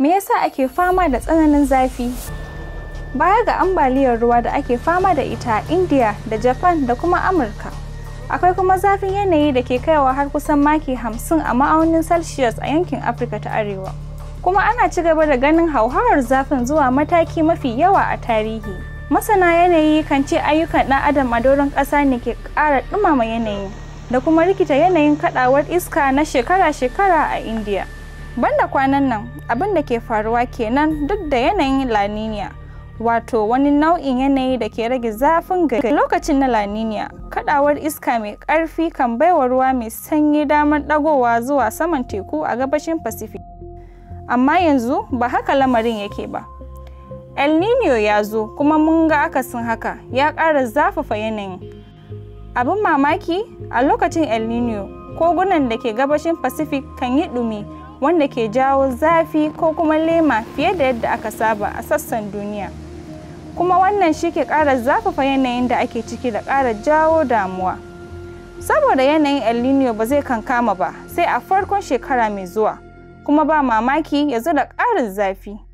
me yasa ake fama da tsananin zafi baya ga ambaliyar ruwa da ake fama da ita a india da japan da kuma amurka akwai kuma zafin yanayi da ke kaiwa har kusan maki 50 a ma'aunin celsius a yankin afirka ta arewa kuma ana ci gaba da ganin hauhawar zafin zuwa mataki mafi yawa a tarihi masana yanayi kan ce ayyukan ɗan adam a doron ƙasa ne ke ƙara ɗumama yanayi da kuma rikita yanayin kaɗawar iska na shekara-shekara a india banda kwanan nan abin da ke faruwa kenan duk da yanayin laniniya wato wani nau'in yanayi da ke rage zafin gari lokacin na laniniya kadawar iska mai karfi kan baiwa ruwa mai sanyi damar dagowa zuwa saman teku a gabashin pacific amma yanzu ba haka lamarin yake ba el nino ya zo kuma mun ga akasin haka ya ƙara zafafa yanayin abin mamaki a lokacin el nino kogunan da ke gabashin pacific kan yi ɗumi wanda ke jawo zafi ko kuma lema fiye da yadda aka saba a sassan duniya kuma wannan shi ke ƙara zafafa yanayin da ake ciki da ƙara jawo damuwa saboda yanayin el ba zai kankama ba sai a farkon shekara mai zuwa kuma ba mamaki ya zo da ƙarin zafi